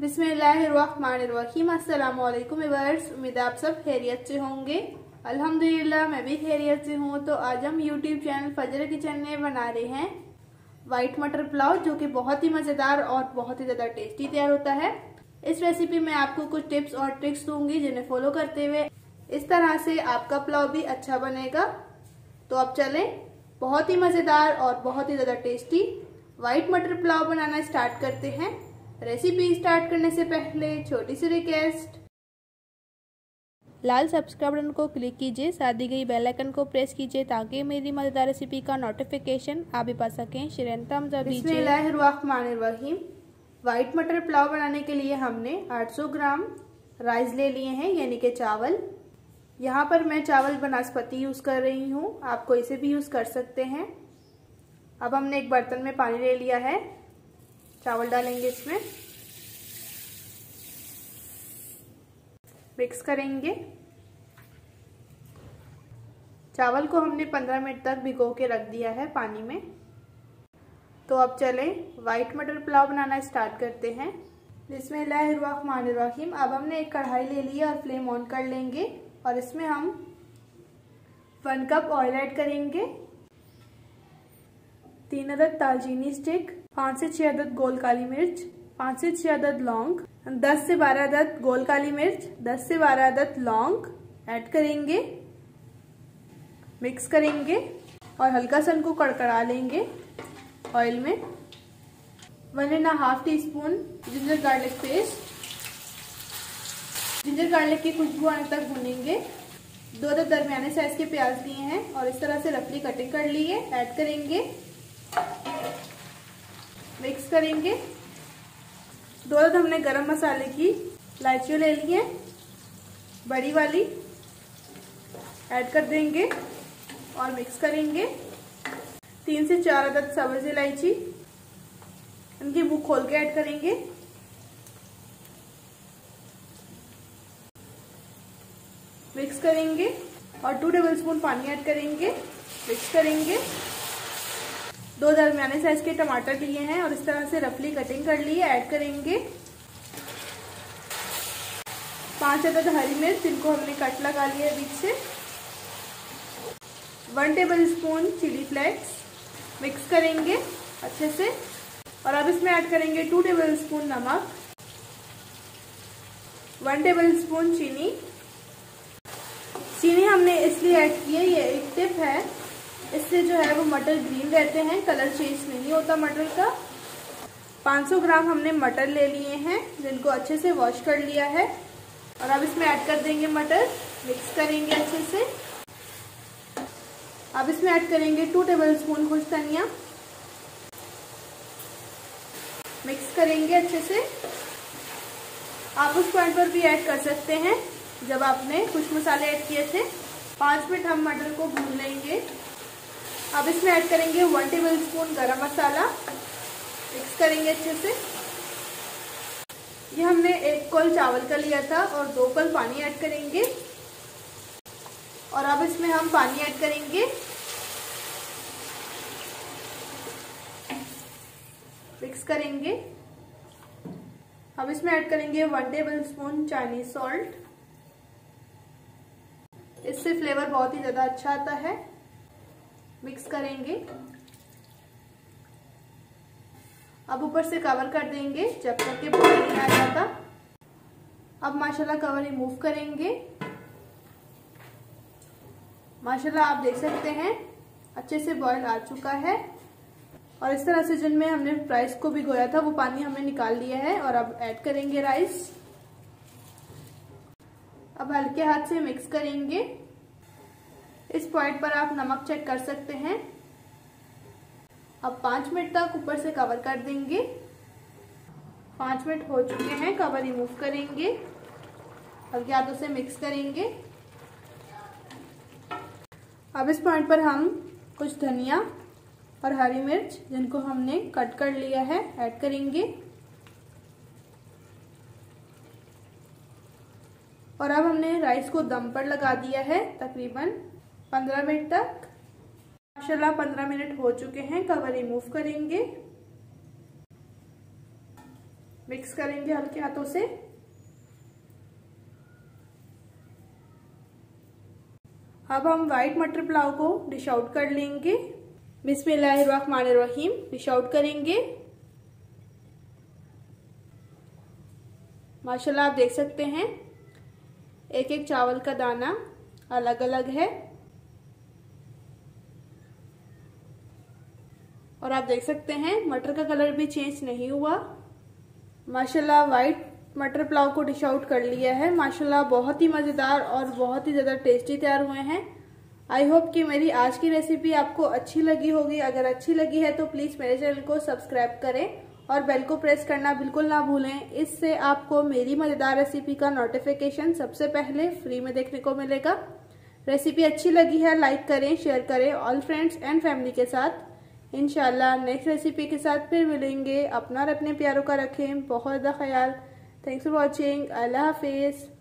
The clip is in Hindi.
बिसमीम असलमर्स उम्मीद आप सब खैरियत से होंगे अल्हम्दुलिल्लाह मैं भी खैरियत से हूँ तो आज हम यूट्यूब चैनल फजर किचन में बना रहे हैं वाइट मटर पुलाव जो कि बहुत ही मज़ेदार और बहुत ही ज़्यादा टेस्टी तैयार होता है इस रेसिपी में आपको कुछ टिप्स और ट्रिक्स दूंगी जिन्हें फॉलो करते हुए इस तरह से आपका पुलाव भी अच्छा बनेगा तो अब चलें बहुत ही मज़ेदार और बहुत ही ज़्यादा टेस्टी वाइट मटर पुलाव बनाना स्टार्ट करते हैं रेसिपी स्टार्ट करने से पहले छोटी सी रिक्वेस्ट लाल सब्सक्राइब बटन को क्लिक कीजिए साथ ही गई बेल आइकन को प्रेस कीजिए ताकि मेरी मजेदार रेसिपी का नोटिफिकेशन आप भी पा सकें श्रेनतम रहीम वाइट मटर पुलाव बनाने के लिए हमने 800 ग्राम राइस ले लिए हैं यानी कि चावल यहाँ पर मैं चावल बनस्पति यूज़ कर रही हूँ आप कोई से भी यूज़ कर सकते हैं अब हमने एक बर्तन में पानी ले लिया है चावल डालेंगे इसमें मिक्स करेंगे चावल को हमने 15 मिनट तक भिगो के रख दिया है पानी में तो अब चलें वाइट मटर पुलाव बनाना स्टार्ट करते हैं जिसमें लाहिम अब हमने एक कढ़ाई ले ली और फ्लेम ऑन कर लेंगे और इसमें हम वन कप ऑयल ऐड करेंगे तीन अदर दालचीनी स्टिक पांच से छह अदद गोल काली मिर्च पाँच से छह अदद लौंग दस से बारह अदद गोल काली मिर्च दस से बारह अदद लौंग ऐड करेंगे मिक्स करेंगे और हल्का सा उनको कड़कड़ा लेंगे ऑयल में one and half teaspoon ginger garlic paste ginger garlic की खुशबू आने तक भूनेंगे दो दो दरमियाने साइज के प्याज लिए हैं और इस तरह से रफली कटिंग कर लिए ऐड करेंगे मिक्स करेंगे दो हमने गरम मसाले की इलायची ले ली है बड़ी वाली ऐड कर देंगे और मिक्स करेंगे तीन से चार अदद सब्ज इलायची इनकी बुक खोल के ऐड करेंगे मिक्स करेंगे और टू टेबल स्पून पानी ऐड करेंगे मिक्स करेंगे दो दरमियाने साइज के टमाटर लिए हैं और इस तरह से रफली कटिंग कर ली ऐड करेंगे पांच अदद हरी मिर्च जिनको हमने कट लगा लिया है बीच से one tablespoon chilli flakes mix करेंगे अच्छे से और अब इसमें ऐड करेंगे टू टेबल स्पून नमक वन टेबल स्पून चीनी चीनी हमने इसलिए ऐड की है ये एक टिप है इससे जो है वो मटर ग्रीन रहते हैं कलर चेंज नहीं होता मटर का 500 ग्राम हमने मटर ले लिए हैं जिनको अच्छे से वॉश कर लिया है और अब इसमें ऐड कर देंगे मटर मिक्स करेंगे अच्छे से अब इसमें ऐड करेंगे टू टेबल स्पून खुश धनिया मिक्स करेंगे अच्छे से आप उस पॉइंट पर भी ऐड कर सकते हैं जब आपने कुछ मसाले ऐड किए थे पांच मिनट हम मटर को भून लेंगे अब इसमें ऐड करेंगे वन टेबल स्पून गर्म मसाला मिक्स करेंगे अच्छे से ये हमने एक कल चावल का लिया था और दो कल पानी ऐड करेंगे और अब इसमें हम पानी ऐड करेंगे मिक्स करेंगे अब इसमें ऐड करेंगे one tablespoon Chinese salt इससे फ्लेवर बहुत ही ज़्यादा अच्छा आता है मिक्स करेंगे अब ऊपर से कवर कर देंगे जब तक के पानी नहीं आ जाता अब माशाल्लाह कवर रिमूव करेंगे माशाल्लाह आप देख सकते हैं अच्छे से बॉयल आ चुका है और इस तरह से जिनमें हमने राइस को भिगोया था वो पानी हमने निकाल लिया है और अब ऐड करेंगे राइस अब हल्के हाथ से मिक्स करेंगे इस पॉइंट पर आप नमक चेक कर सकते हैं अब पांच मिनट तक ऊपर से कवर कर देंगे पांच मिनट हो चुके हैं कवर रिमूव करेंगे अब याद उसे मिक्स करेंगे अब इस पॉइंट पर हम कुछ धनिया और हरी मिर्च जिनको हमने कट कर लिया है ऐड करेंगे और अब हमने राइस को दम पर लगा दिया है तकरीबन पंद्रह मिनट तक माशाल्लाह पंद्रह मिनट हो चुके हैं कवर रिमूव करेंगे मिक्स करेंगे हल्के हाथों से अब हम व्हाइट मटर पुलाव को डिश आउट कर लेंगे बिस्मिल्लाहिर्रहमानिर्रहीम डिश आउट करेंगे माशाल्लाह आप देख सकते हैं एक एक चावल का दाना अलग अलग है और आप देख सकते हैं मटर का कलर भी चेंज नहीं हुआ माशाल्लाह वाइट मटर पुलाव को डिश आउट कर लिया है माशाल्लाह बहुत ही मज़ेदार और बहुत ही ज़्यादा टेस्टी तैयार हुए हैं आई होप कि मेरी आज की रेसिपी आपको अच्छी लगी होगी अगर अच्छी लगी है तो प्लीज़ मेरे चैनल को सब्सक्राइब करें और बेल को प्रेस करना बिल्कुल ना भूलें इससे आपको मेरी मज़ेदार रेसिपी का नोटिफिकेशन सबसे पहले फ्री में देखने को मिलेगा रेसिपी अच्छी लगी है लाइक करें शेयर करें ऑल फ्रेंड्स एंड फैमिली के साथ इनशाला नेक्स्ट रेसिपी के साथ फिर मिलेंगे अपना और अपने प्यारों का रखें बहुत ज़्यादा ख्याल थैंक्स फॉर वॉचिंग अल्लाह हाफिज़